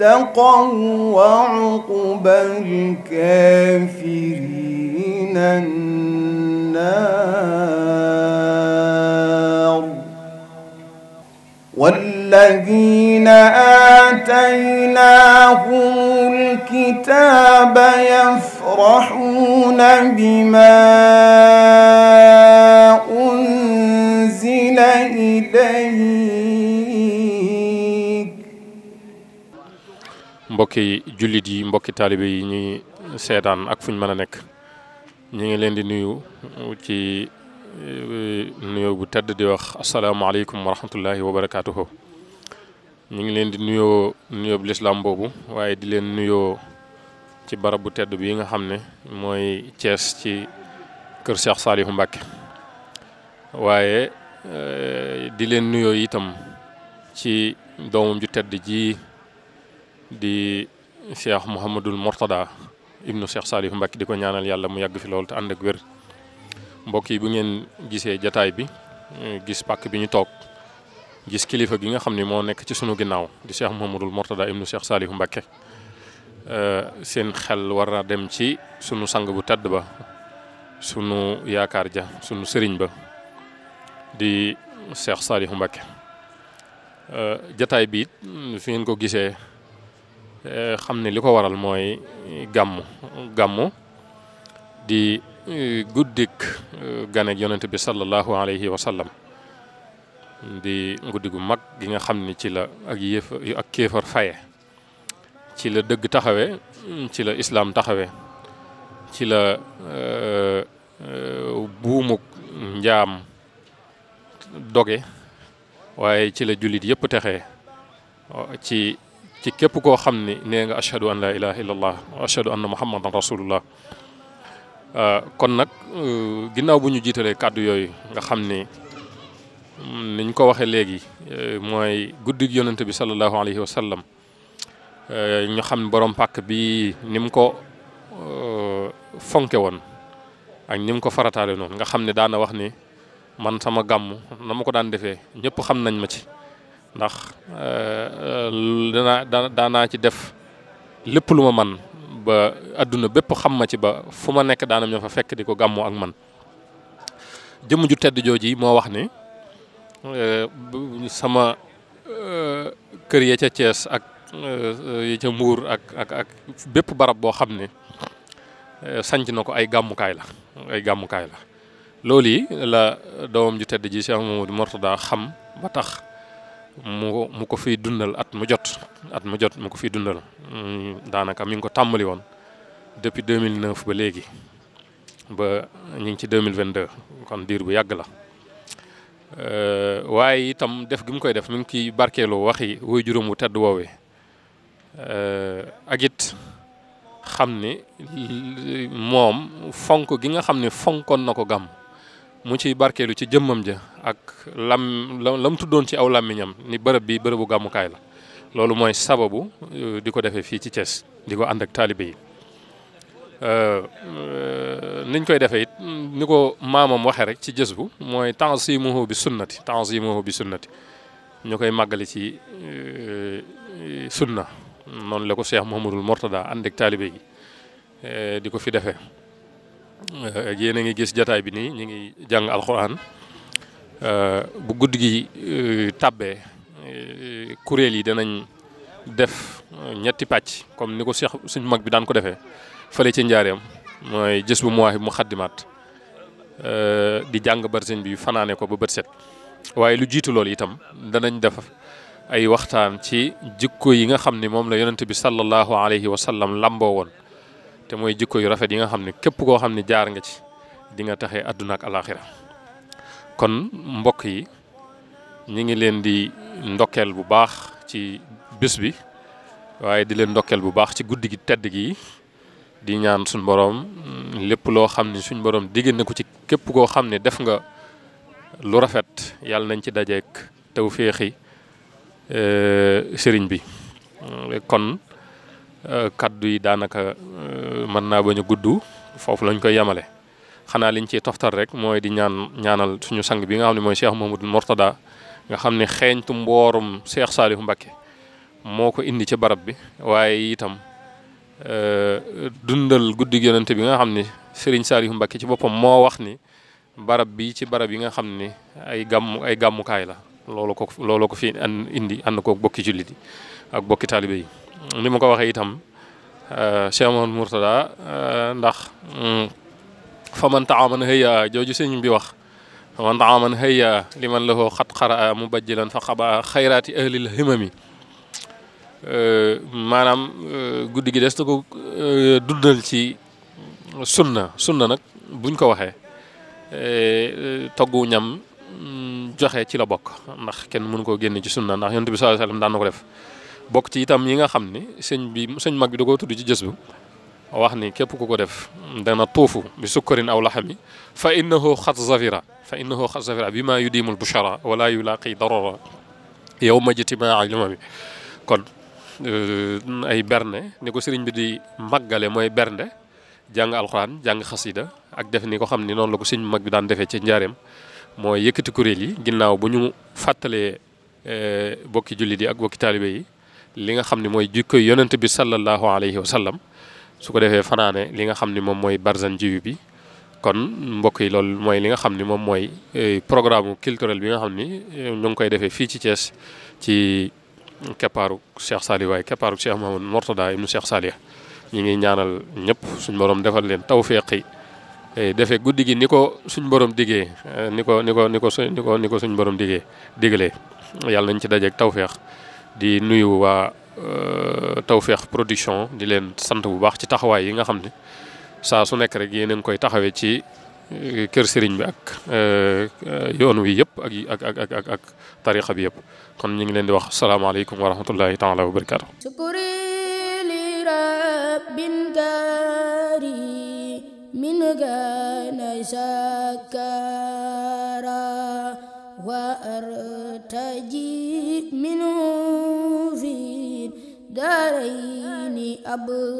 اتقوا وعقب الكافرين النار والذين آتيناهم الكتاب يفرحون بما أنزل إليه mbokki jullit yi mbokki taalibe yi ñuy seetaan ak fuñ mën a nekk ñu ngi leen di nuyu ci euh, nuyoo bu tedd di wax asalaamaaleykum wa rahmatullahi wa ñu ngi leen di nuyoo nuyoo bu lislaam boobu waaye di leen nuyoo ci barab tedd bi nga xam ne mooy Thiès ci kër Cheikh Saliou Mbacké waaye euh, di leen nuyoo itam ci doomam ju tedd ji di cheikh Mouhamadul Mourtada ibnu cheikh Salif Mbacke di ko ñaanal yàlla mu yàgg fi loolu te ànd ak wér mbokk yi bu ngeen gisee jataay bi eh, gis pàkk bi ñu toog gis kilifa gi nga xam ni moo nekk ci sunu ginnaaw di cheikh Mouhamadul Mourtada ibnu cheikh Salif Mbacke eh, seen xel war na dem ci sunu sang bu tedd ba sunu yaakaar ja sunu sëriñ ba di cheikh Salif eh, jataay bi fi ngeen ko gisee. Eh, xam ne li ko waral mooy gàmmu gàmmu di eh, guddik eh, ganek yonent bi sallallahu alayhi wa di guddi gu mag gi nga xam ne ci la ak yéef ak kéefar faye ci la dëgg taxawe ci la islaam taxawe ci la buumuk njaam doge waaye ci la jullit yépp texe ci ci képp koo xam ni nee nga ashhadu an laa ilaha illallah ashhadu anna muhammadan rasulullah euh, kon nag euh, ginnaaw bu ñu jiitalee kàddu yooyu nga xam ni mm, niñ ko waxee léegi euh, mooy guddig yonant bi sallallahu alayhi wa sallam ñu xam borom pàkk bi ni mu ko fonke woon ak ni mu ko farataale noonu nga xam ne daana wax ni man sama gàmm na ma ko daan defee ñëpp xam nañ ma ci ndax eh, eh, danaa daanaa ci def lépp lu ma man ba àdduna bépp xam ma ci ba fu ma nekk daanam ñoo fa fekk di ko gàmmoo ak man jëmm ju tedd jooji moo wax ni eh, sama kër ya ca Thiès ak ya ca Mbuur ak ak ak bépp barab boo xam ne sanc na ko ay gàmmukaay la ay gàmmukaay la loolu yi la doomam ju tedd ji Cheikh Mamadou Mortada xam ba tax mu mu ko fi dundal at mu jot at mu jot mu ko fi dundal mm, daanaka mi ngi ko tàmbali woon depuis deux 2009 ba léegi ba ñu ngi ci vingt 2022 kon diir bu yàgg la euh, waaye itam def gi mu koy def mu ngi ciy barkeelu waxi woy juróom wu tedd woowee euh, ak xam ni moom fonk gi nga xam ne fonkoon na ko gàmm mu ci barkeelu ci jëmmam ja ak lam lam tuddoon ci aw làmmiñam ni bërëb bi bërëbu gàmmukaay la loolu mooy sababu euh, di ko defee fii ci Thiès di ko ànd ak taalibe yi euh, niñ koy defee it ni ko maamam waxee rek ci jës bu mooy tanzimuhu bi sunnati tanzimuhu bi sunnati ñu koy màggale ci euh, sunna noonu la ko Cheikh Mouhamadul Mortada ànd ak taalibe yi di ko fi defee Euh, yéen a ngi gis jataay bi nii ñu ngi jàng alxuraan euh, bu guddi gi euh, tàbbee kuréel yi danañ def ñetti pàcc comme ni ko seex suñ mag bi daan ko defee fële ci njaareem mooy jës bu muwaahib mu xaddimaat di jàng barsin bi fanaanee ko ba bët set waaye lu jiitu loolu itam danañ def ay waxtaan ci jikko yi nga xam ni moom la yonent bi sallallahu alayhi wa sallam lamboo woon te mooy jikko yu rafet yi nga xam ne képp koo xam ne jaar nga ci di nga taxee àdduna ak alaaxira kon mbokk yi ñu ngi leen di ndokkeel bu baax ci bés bi waaye di leen ndokkeel bu baax ci guddi gi tedd gi di ñaan suñ boroom lépp loo xam ne suñ boroom digg ci képp koo xam ne def nga lu rafet yàlla nañ ci dajeek tew tawféexi euh, sëriñ bi kon Euh, kaddu yi daanaka euh, mën naa bañ a gudd foofu lañ koy yamale xanaa liñ ciy toftal rek mooy di ñaan ñaanal suñu sang bi nga xam ne mooy Cheikh Mamadou Mortada nga xam ne xeeñtu mboorum Cheikh Salif Mbacké moo ko indi ci barab bi waaye itam euh, dundal guddi yonent bi nga xam ne Serigne Salif Mbacké ci boppam moo wax ni barab bi ci barab yi nga xam ne ay gàmm ay gàmmukaay la loolu ko loolu ko fi indi ànd ko bokki jullit yi ak bokki taalibe yi ni ma ko waxee itam euh, Cheikh Mouhamadou Mourtada euh, ndax mm, fa man taaman hëya jooju sëñ bi wax fa man taaman hëya li man la koo xat xara mu bajj bajjilan fa xaba xayraati ahlil himami euh, maanaam guddi gi des na ko ci sunna sunna nag buñ ko waxee toggu ñam mm, joxe ci la bokk ndax kenn mënu koo génne ci sunna ndax yonent bi sallallahu alayhi wasallam daan na ko def bokk ci itam yi nga xam ni sëñ bi sëñ mag bi da koo tudd ci jës wax ni képp ku ko def dana tuufu bi sukkarin aw laxami fa innahu xat zafira fa innahu xat zafira bi maa yudimul bushara wala yulaqi darara yow ma jitimaa lima bi kon euh, ay berne ko sëriñ bi di màggale mooy bernde jàng alxuraan jàng xasida ak def ni ko xam ni noonu la ko sëñ mag bi daan defee ci njaareem mooy yëkkati kuréel yi ginnaaw bu ñu fàttalee euh, bokki jullit yi ak bokki taalibe yi li nga xam ne mooy jikko yonent bi sallallahu alayhi wa sallam su ko defee fanaane li nga xam ne moom mooy barzan jiw bi kon mbokk yi loolu mooy li nga xam ne moom mooy eh, programme culturel bi nga xam ni eh, ñu ngi koy defee fii ci Thiès ci keppaaru Cheikh Saliou waaye keppaaru Cheikh Mamadou Mortada ibnu Cheikh Saliou ñi ngi ñaanal ñëpp suñ borom defal leen tawféqi eh, defee guddi gi ni ko suñ borom diggee ni ko ni ko ni ko ni ko suñ borom diggee diglee yàlla nañ ci dajeeg tawféex di nuyu waa euh, Tawfekh Production di leen sant bu baax ci taxawaay yi nga xam ni saa su nekk rek yéen a koy taxawee ci euh, kër sëriñ bi ak euh, yoon wi yëpp ak ak ak tarixa bi yëpp kon ñu ngi leen di wax salaamaaleykum wa rahmatullahi taala wa barakaatu. من غنى شكرا وأرتجي منه في دارين أبكارا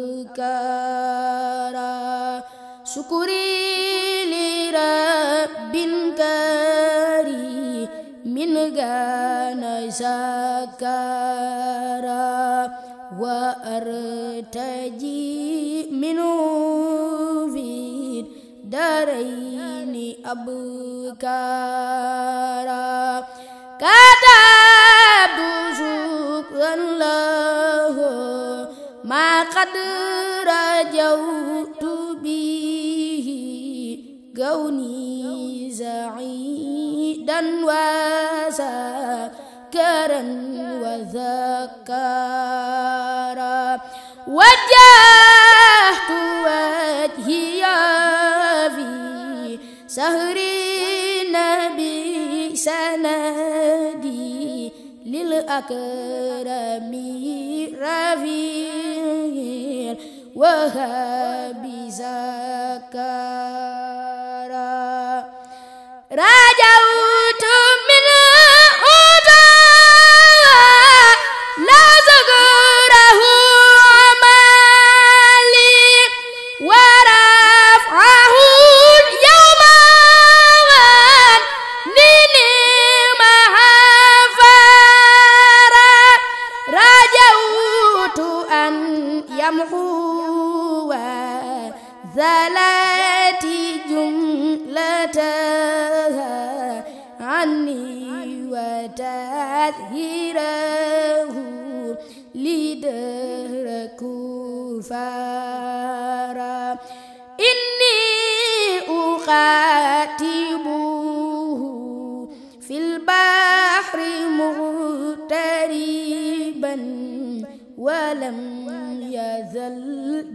شكري لرب كريم من غنى سكارا وأرتجي منه الدارين أبكارا كتاب شكرا له ما قد رجوت به كوني سعيدا وسكرا وذكارا وجهت وجهي sahri nabi sanadi lil akrami rafi wahabi zakara عني وتأثيره لدهر كفارا إني أخاتبه في البحر مغتربا ولم يزل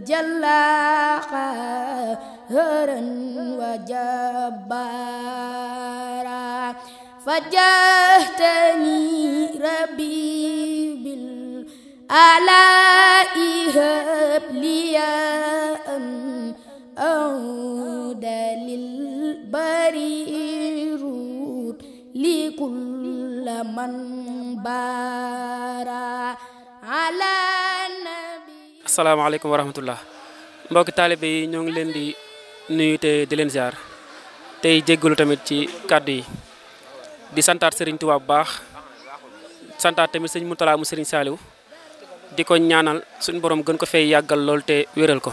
جلا قهرا وجبارا فجهتني ربي بالآلاء هب لي أن أعود للبرير لكل من بارا على النبي السلام عليكم ورحمة الله mbokki taalibe yi ñoo ngi leen di nuyu te di leen ziar tey jéggalu tamit ci kàddu yi di santaat Serigne Touba bu baax santaat tamit sëñ Moutala mu Serigne Saliou di ko ñaanal suñu borom gën ko fay yàggal lool te wéral ko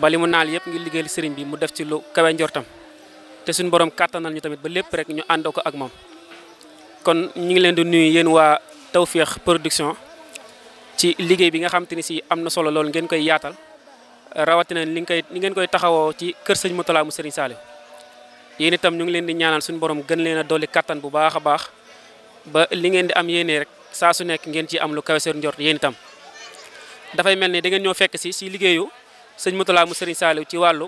ba li mu naal yëpp ngir liggéeyal sëriñ bi mu def ci lu kawe te suñu borom kàttanal ñu tamit ba lépp rek ñu àndoo ko ak moom. kon ñu ngi leen di nuyu yéen waa Tawfekh Production ci liggéey bi nga xam te ni si am na solo lool ngeen koy yaatal rawatina li ngeen koy li ngeen koy taxawoo ci kër sëñ Moutala mu Serigne Saliou. yéen itam ñu ngi leen di ñaanal suñu borom gën leen a dolli kattan bu baax a baax ba li ngeen di am yéene rek saa su nekk ngeen ci am lu kawe seen njort yéen itam dafay mel ni dangeen ñoo fekk si si liggéeyu sëñ Moutala mu sëriñ Saliou ci wàllu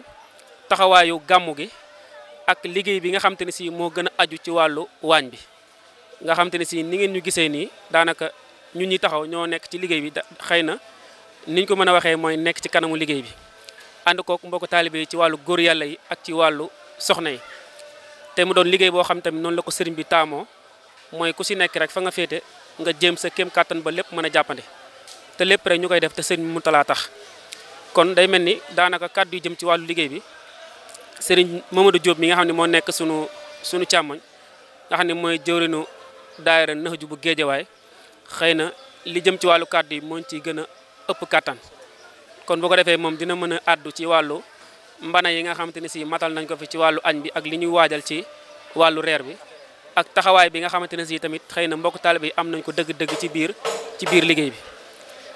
taxawaayu gàmmu gi ak liggéey bi nga xam te ne si moo gën a aju ci wàllu waañ bi nga xam ne si ni ngeen ñu gisee nii daanaka ñu ñi taxaw ñoo nekk ci liggéey bi xëy na niñ ko mën a waxee mooy nekk ci kanamu liggéey bi ànd kook mbokk taalibe yi ci wàllu góor yàlla ak ci wàllu soxna yi te mu doon liggéey boo xam tamit noonu la ko sëriñ bi taamoo mooy ku si nekk rek fa nga féete nga jéem sa kéem kàttan ba lépp mën a jàppandi te lépp rek ñu koy def te sëriñ mu talaa tax kon day mel ni daanaka kàddu yu jëm ci wàllu liggéey bi sëriñ Mamadou Diop mi nga xam ne moo nekk sunu sunu càmmoñ nga xam ne mooy jëwrinu daayira Nahju bu Géejawaay xëy na li jëm ci wàllu kàddu yi moo ciy gën a ëpp kàttan kon bu ko defee moom dina mën a àddu ci wàllu mbana yi nga xamante ni si matal nañ ko fi ci wàllu añ bi ak li ñuy waajal ci wàllu reer bi ak taxawaay bi nga xamante ne si tamit xëy na mbokk taalibe yi am nañ ko dëgg-dëgg ci biir ci biir liggéey bi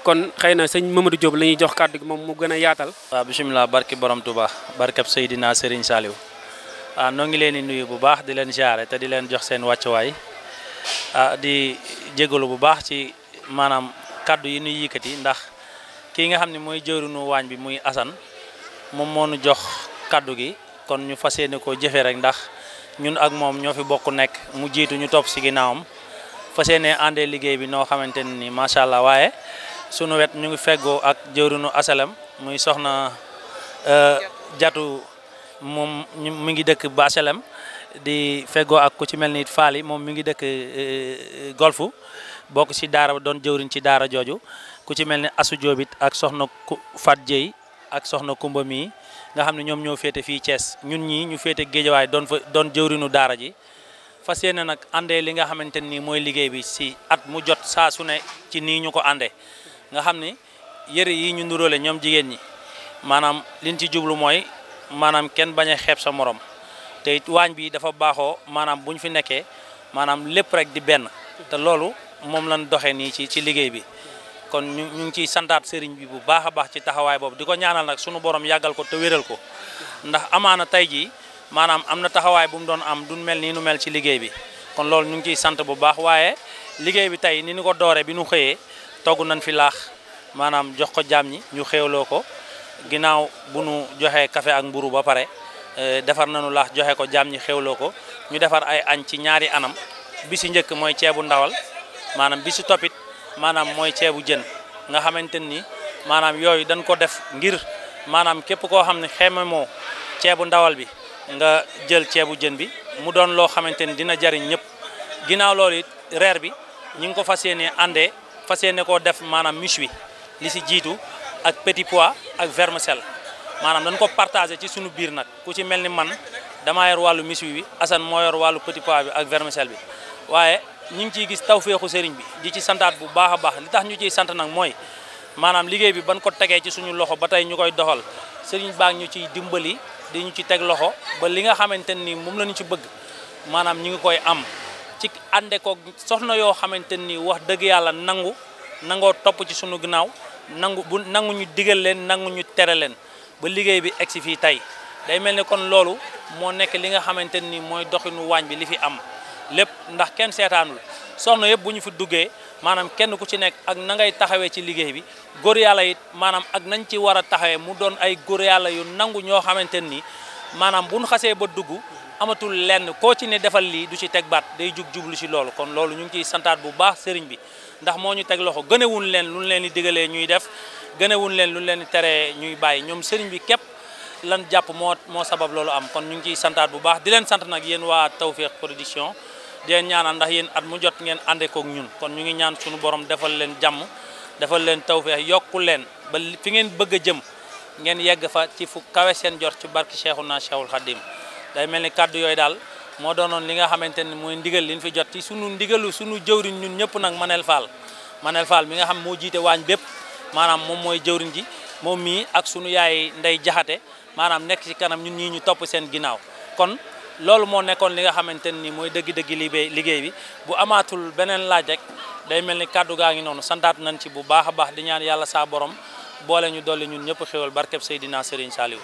kon xëy na sëñ Mamadou Diop la ñuy jox kàddu gi moom mu gën a yaatal. waaw bisimilah barki borom tubaa Touba barkab Seydina Serigne Saliou ah noo ngi leen di nuyu bu baax di leen siyaare te di leen jox seen wàccuwaay waay ah, di jégalu bu baax ci maanaam kàddu yi nuy yëkkati ndax kii nga xam ne mooy jëruñu waañ bi muy Assane moom moo nu jox kàddu gi kon ñu fas yéene koo jëfee rek ndax ñun ak moom ñoo fi bokk nekk mu jiitu ñu topp si ginnaawam fas yéene àndee liggéey bi noo xamante ne nii macha allah waaye sunu wet ñu ngi feggoo ak jëwrinu asalam muy soxna euh, jatu moom mi ngi dëkk ba asalam di feggoo ak ku ci mel ni it faali moom mi ngi dëkk euh, golfu bokk ci daara doon jëwriñ ci daara jooju ku ci mel ni asu joobit ak soxna ku fat jëy ak soxna Kumba mii nga xam ne ñoom ñoo féete fii cees ñun ñii ñu féete géejawaay doon fa doon jëwrinu daara ji fas yéene nag àndee li nga xamante ni mooy liggéey bi si at mu jot saa su ne ci nii ñu ko àndee nga xam ni yëre yi ñu nuróole ñoom jigéen ñi maanaam liñ ci jublu mooy maanaam kenn bañ a xeeb sa morom te it waañ bi dafa baaxoo maanaam bu ñu fi nekkee maanaam lépp rek di benn te loolu moom lañ doxee nii ci ci liggéey bi kon ñu ngi ciy santaat sëriñ bi bu baax a baax ci taxawaay boobu di ko ñaanal nag sunu borom yàggal ko te wéral ko ndax amaana tey jii maanaam am na taxawaay bu mu doon am duñ mel nii nu mel ci liggéey bi kon loolu ñu ngi ciy sant bu baax waaye liggéey bi tey ni nu ko doore bi nu xëyee togg nañ fi laax maanaam jox ko jaam ñi ñu xéewloo ko ginnaaw bu nu joxee kafe ak mburu ba pare eh, defar nañu laax joxe ko jaam ñi xéewloo ko ñu defar ay añ ci ñaari anam bi si njëkk mooy ceebu ndawal maanaam mooy ceebu jën nga xamante ni maanaam yooyu dañ ko def ngir maanaam képp koo xam ne xeme moo ceebu ndawal bi nga jël ceebu jën bi mu doon loo xamante ni dina jariñ ñëpp ginnaaw loolu it reer bi ñi ngi ko fas yéene àndee fas yéene koo def maanaam miche wi li si jiitu ak petit pois ak vermicelle maanaam dañ ko partagé ci sunu biir nag ku ci mel ni man dama yor wàllu miche bi Assane moo yor wàllu petit pois bi ak vermicelle bi waaye ñu ngi ciy gis tawféexu sëriñ bi di ci santaat bu baax a baax li tax ñu ciy sant nag mooy maanaam liggéey bi ban ko tegee ci suñu loxo ba tey ñu koy doxal sëriñ baa ñu ciy dimbali di ñu ci teg loxo ba li nga xamante ni moom la ñu ci bëgg maanaam ñu ngi koy am ci ànde soxna yoo xamante ni wax dëgg yàlla nangu nangoo topp ci suñu ginnaaw nangu bu nangu ñu digal leen nangu ñu tere leen ba liggéey bi egsi fii tey day mel ni kon loolu moo nekk li nga xamante ni mooy doxinu waañ bi li fi am lépp ndax kenn seetaanul son yëpp bu ñu fi duggee maanaam kenn ku ci nekk ak na ngay taxawee ci liggéey bi góor yàlla it maanaam ak nañ ci war a taxawee mu doon ay góor yàlla yu nangu ñoo xamante ni maanaam bu xasee ba dugg amatul lenn koo ci ne defal lii du ci teg baat day jug jublu ci loolu kon loolu ñu ngi ciy santaat bu baax sëriñ bi ndax moo ñu teg loxo gënewun leen lu ñu leen di digalee ñuy def gënewun leen lu ñu leen di teree ñuy bàyyi ñoom sëriñ bi képp lan jàpp moo moo sabab loolu am kon ñu ngi ciy santaat bu baax di leen sant nag yéen waa Tawfekh Production deen ñaanal ndax yéen at mu jot ngeen àndee kook ñun kon ñu ngi ñaan suñu borom defal leen jàmm defal leen tawfeex yokku leen ba fi ngeen bëgg a jëm ngeen yegg fa ci fu kawe seen jot ci barki Cheikhuna Cheikhul Khadim day mel ni kàddu yooyu daal moo doonoon li nga xamante ni mooy ndigal liñ fi jot ci sunu ndigalu sunu jëwriñ ñun ñëpp nag Manel faal Manel Fall mi nga xam moo jiite waañ bépp maanaam moom mooy jëwriñ ji moom mii ak sunu yaay ndey jaxate maanaam nekk ci kanam ñun ñii ñu topp seen ginnaaw loolu moo nekkoon li nga xamante ni mooy dëgg-dëgg liggéey liggéey bi bu amaatul beneen laaj rek day mel ni kàddu gaa ngi noonu santaat nañ ci bu baax a baax di ñaan yàlla saa borom boole ñu dolli ñun ñëpp xéwal barkeb Seydina Serigne Saliou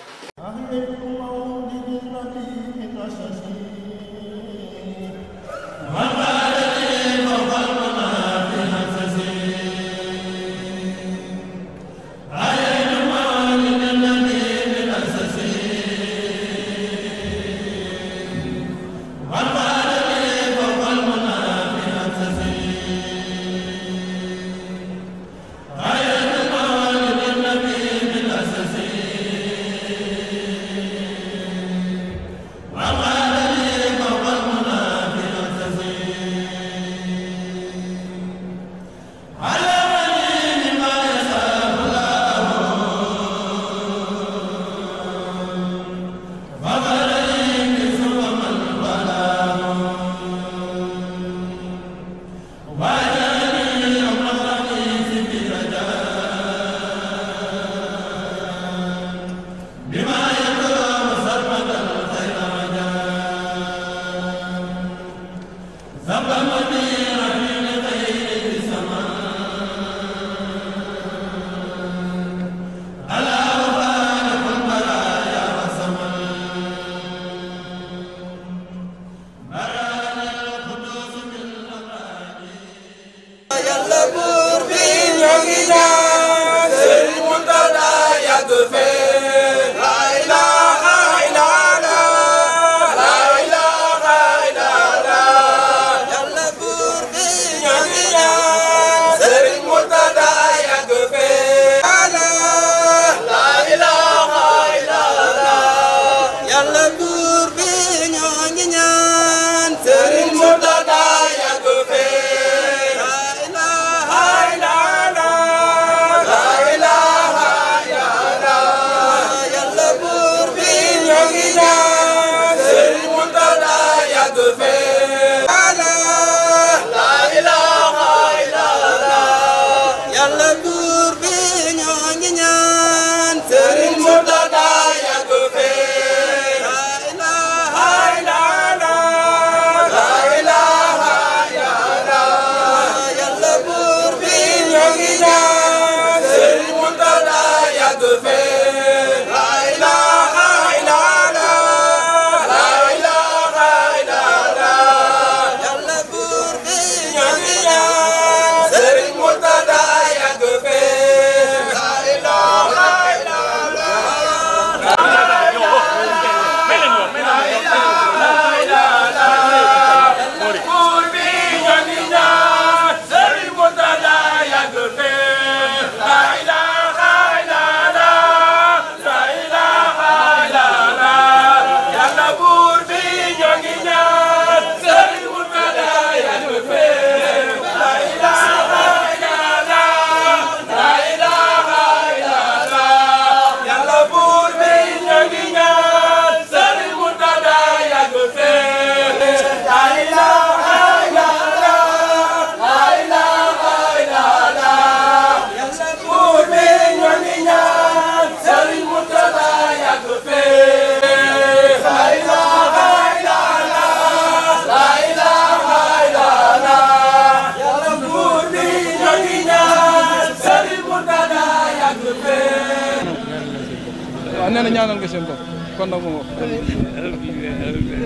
kon nag moom amiin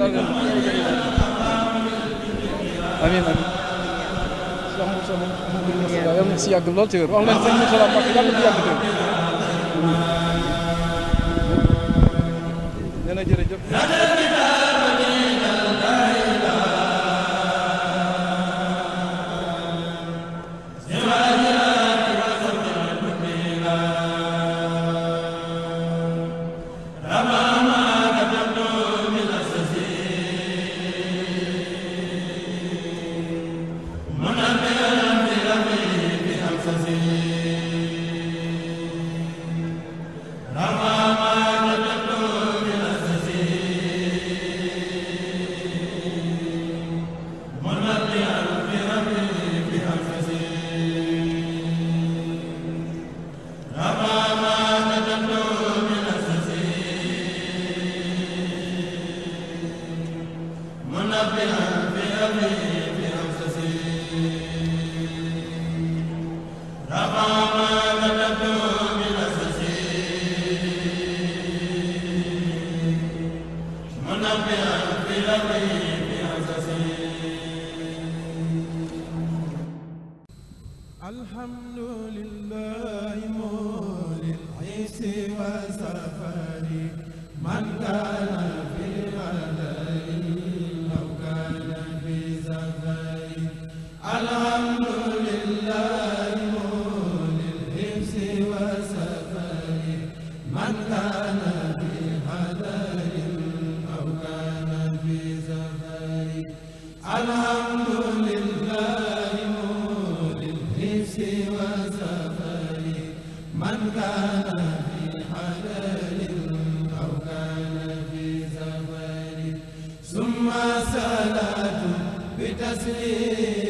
amiin yàlla na si yàgg lool te wér wax leen sëñ Moussa Mbacke yàlla na si yàgg te wér nee na jërëjëf taslim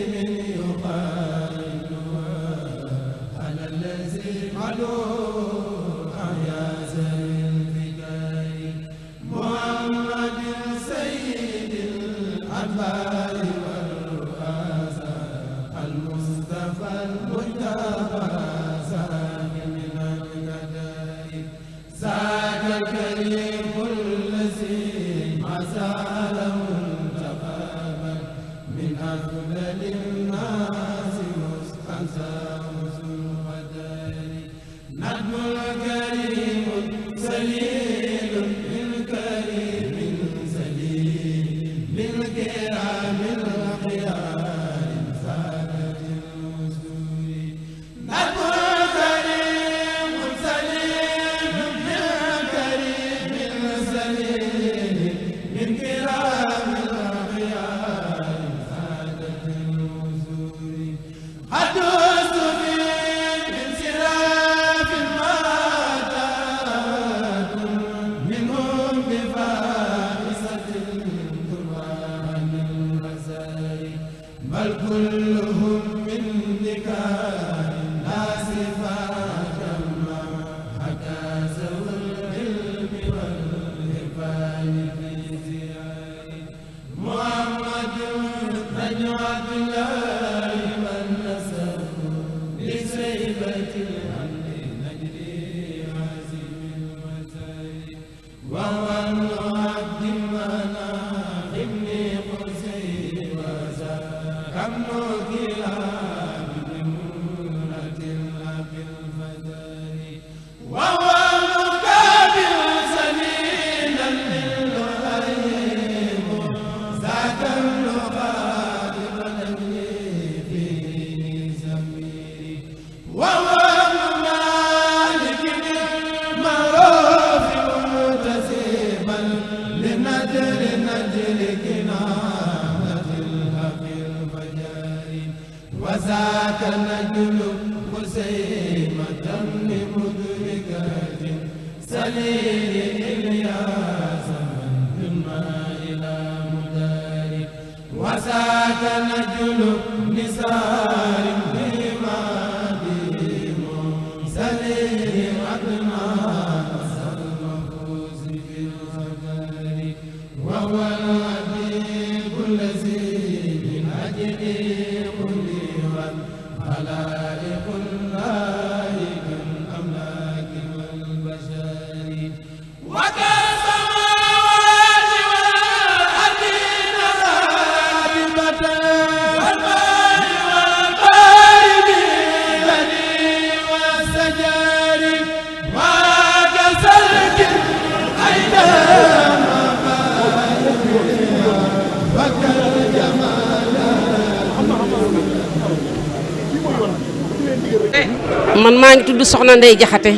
man maa ngi tudd Soxna Ndey Jaxate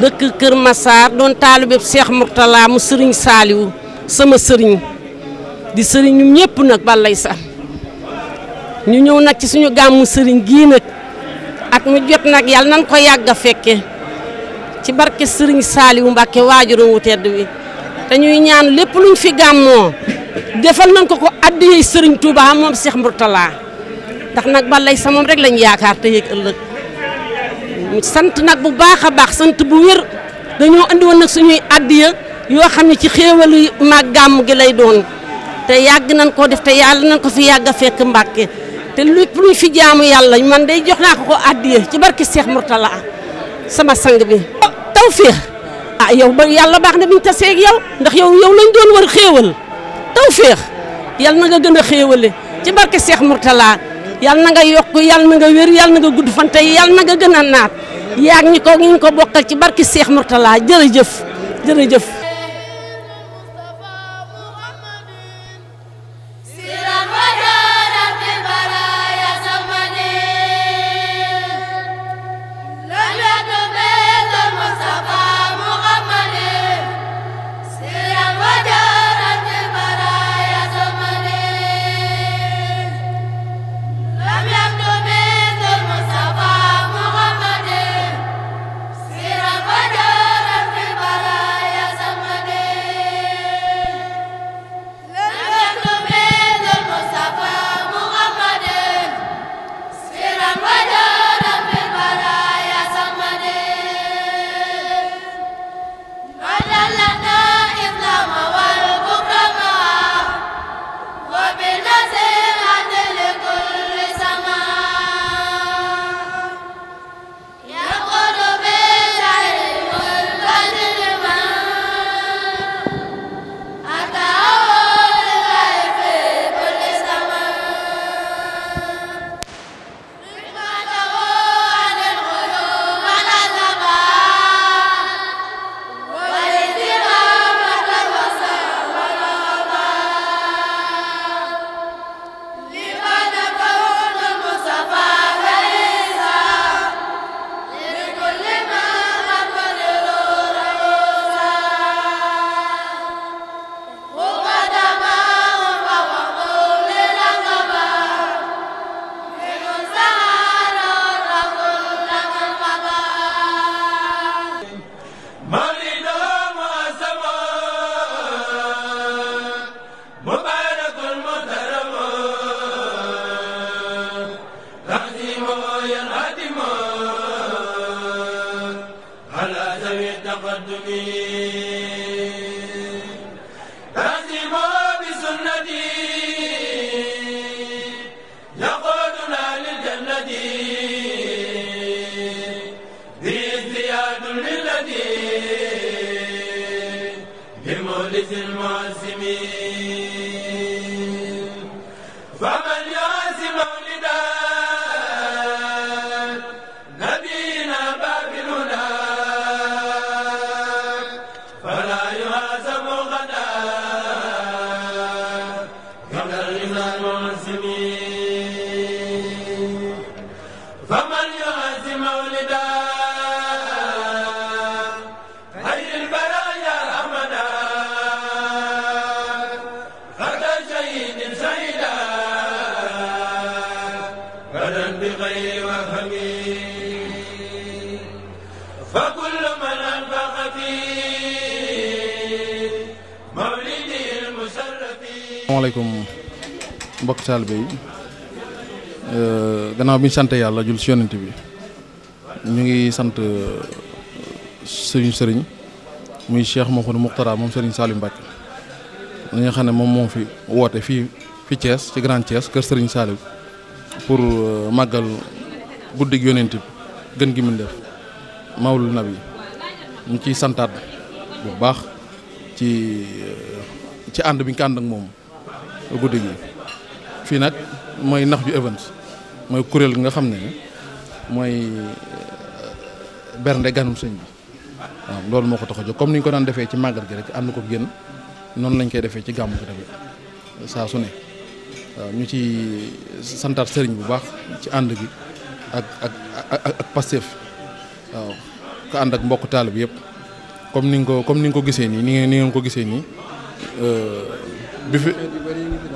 dëkk Kër Massar doon taalibe Seex Murtala mu sëriñ Saaliwu sama sëriñ di sëriñ ñun ñëpp nag balay sa ñu ñëw nag ci suñu gàmmu sëriñ gii nag at mu jot nag yàlla nan ko yàgg a fekke ci barke sëriñ Saaliwu Mbàkke waajuram wu tedd wi te ñuy ñaan lépp luñ fi gàmmoo defal nañ ko ko addiyey sëriñ Touba moom Seex Murtala ndax nag balay sa moom rek lañ yaakaar te yéeg ëllëg sant nag bu baax a baax sant bu wér dañoo andi woon nag suñuy addiya yoo xam ne ci xéewalu mag gàmm gi lay doon te yàgg nañ koo def te yàlla nañ ko fi yàgg a fekk Mbàkke te lépp luñ fi jaamu yàlla man day jox naa ko ko addiya ci barke Seex Murtala sama sang bi tawféex ah yow ba yàlla baax na biñ tasee ak yow ndax yow yow lañ doon war xéewal tawféex yàlla na nga gën a xéewale ci barke Seex Murtala yal nanga yokk yal na nga wér yal na nga gudd fan tey yal na nga gën a naat yaag ñi ko ñu ko bokkal ci barki Seex Murtala jërëjëf jërëjëf الرحيم asalaamaaleykum mbokk taalibe yi gannaaw bi sante yàlla jul si yonent bi ñu ngi sant uh, sëriñ sëriñ muy Cheikh Mouhamadou Moukhtara moom sëriñ Saliou Mbacke li nga xam ne moom moo fi woote fii fi Thiès ci Grand Thiès kër sëriñ Saliou pour uh, màggal guddig yonent bi gën gi mu def mawlul nabi ñu ciy santaat bu baax ci uh, ànd bi ñu ànd ak moom guddi gi fii nag mooy nax ju event mooy kuréel gi nga xam ne mooy euh, bernde ganum sëñ bi waaw loolu moo ko tax a jóg comme ni ñu ko daan defee ci màggal gi rek ànd ko génn noonu lañ koy defee ci gàmmu gi tamit saa su ne ñu ci santaat sëriñ bu baax ci ànd gi ak ak ak Pastef waaw ko ànd ak mbokk taal bi yëpp comme ni nga ko comme ni nga ko gisee nii ni ngeen ni ngeen ko gisee nii euh, bi fi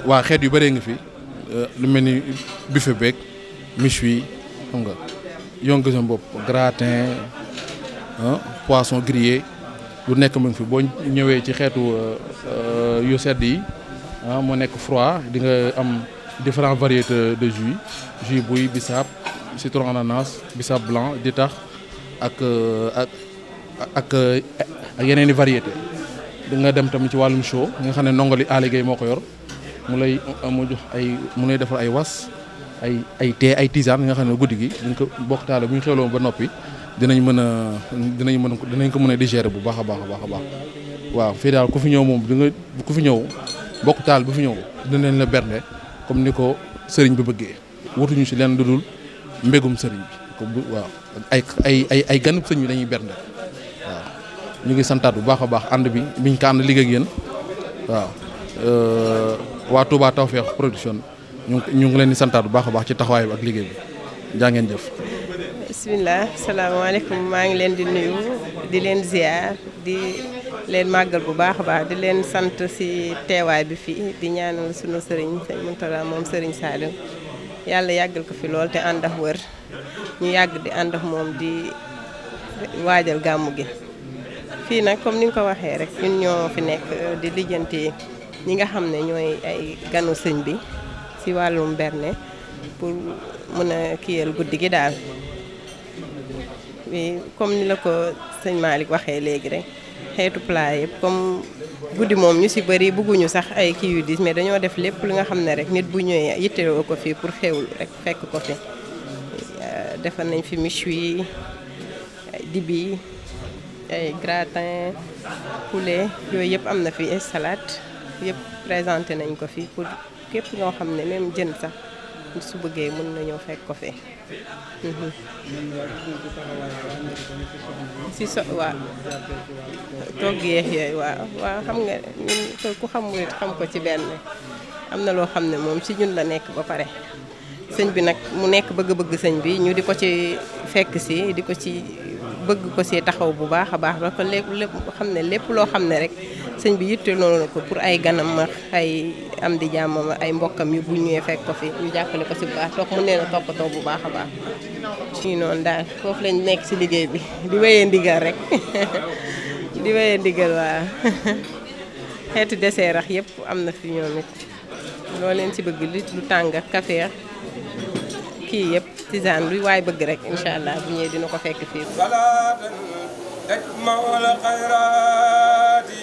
waa xeet yu bëree nga fi euh, lu mel ni bi fi beeg miche yi xam nga yonk seen bopp gratin poisson grillé lu nekk mu ngi fi boo ñëwee ci xeetu euh, yu sedd yi moo nekk froid di nga am différentes variétés de jui jus buy bisaab citron ananas bisaab blanc di tax euh, ak ak ak ak yeneen i variétés nga dem tamit ci wàllum show nga xam ne ndongoli Aly Gueye moo ko yor mu lay uh, mu jox ay mu lay defal ay was ay ay tee ay tisane nga xam ne guddi gi dañ ko bokk taale bu ba noppi dinañ mën a dinañ mën a dinañ ko mën a digérer bu baax a baax baax a baax waaw fii daal ku fi ñëw moom di nga ku fi ñëw bokk bu fi ñëw dinañ la bernde comme ni ko sëriñ bi bëggee wutuñu si leen lu dul mbegum sëriñ bi waaw ay ay ay ay ganub sëñ bi dañuy bernde ñu ngi santaat bu baax a baax ànd bi biñ ko ànd liggéey ak yéen waaw euh, waa Touba Tawfekh production ñu ngi leen di santaat bu baax baax ci taxawaay bi ak liggéey bi jaa ngeen jëf. bisimilah salaamaaleykum maa ngi leen di nuyu di leen ziar di leen màggal bu baax a baax di leen sant si teewaay bi fii di ñaanal sunu sëriñ sëñ Moutara moom sëriñ Saliou yàlla yàggal ko fi lool te ànd ak wër ñu yàgg di ànd ak moom di waajal gàmmu gi. fii nag comme ni nga ko waxee rek ñun ñoo fi nekk euh, di lijjanti ñi nga xam ne ñooy ay ganu sëñ bi ci wàllum berne pour mën a kiyal guddi gi daal comme ni la ko sëñ Malick waxee léegi rek xeetu plat yëpp comme guddi moom ñu ci bari bëgguñu sax ay kii yu diis mais dañoo def lépp li nga xam ne rek nit bu ñëwee yittewoo ko fii pour xewlu rek fekk ko fi euh, defar nañ fi miche dibi ay gratin poulet yooyu yëpp am na fi instalaat yépp présenté nañ ko fi pour képp ñoo xam ne même jën sax su bëggee mën ñëw fekk ko fi. Mhm. si so waaw togg yeex yooyu waaw waaw xam nga ñun ku xam murit xam ko ci benn am na loo xam ne moom si ñun la nekk ba pare sëñ bi nag mu nekk bëgg-bëgg sëñ bi ñu di ko ci fekk si di ko ci bëgg ko see taxaw bu baax a baax la dafa lépp lépp xam ne lépp loo xam ne rek sëñ bi yitte loolu ko pour ay ganam ay am di jàmm ay mbokkam yu bu ñëwee fekk ko fi ñu jàppale ko si bu baax toog mu nee na toppatoo bu baax a baax ci noonu daal foofu lañ nekk si liggéey bi di wéyee ndigal rek di wéyee ndigal waa xeetu dessert ax yëpp am na fi ñoom it loo leen si bëgg li lu tàng ak café kii yëpp tisane luy waay bëgg rek incha allah bu ñëwee dina ko fekk fii. salaatan tajmau al xayraati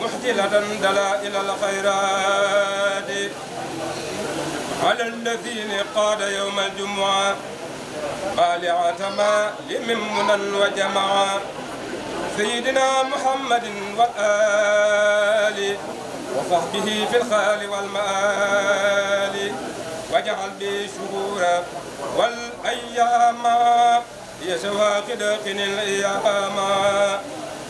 muxjilatan dala ila al xayraati ala alladina qaada yowm aljumua qaaliatama li min munan wa jamaa sayidina muhammadin wa ali wa sahbihi fi lxaali walmaali واجعل بي شهورا والأيام هي سواقد قن الأيام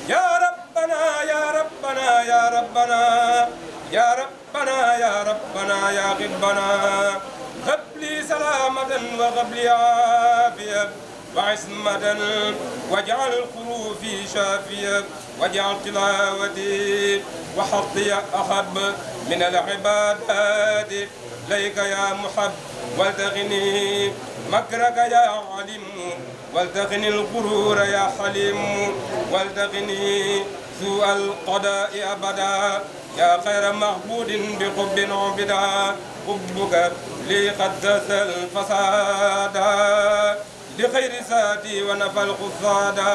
يا ربنا يا ربنا يا ربنا يا ربنا يا ربنا يا غبنا قبلي سلامة وقبلي عافية وعصمة واجعل خروفي شافية واجعل تلاوتي وحظي أحب من العبادات ليك يا محب والتغني مكرك يا عليم والتغني الغرور يا حليم والتغني سوء القضاء أبدا يا خير معبود بحب عبدا حبك لي قد زال الفسادا لخير ساتي ونفى القصادا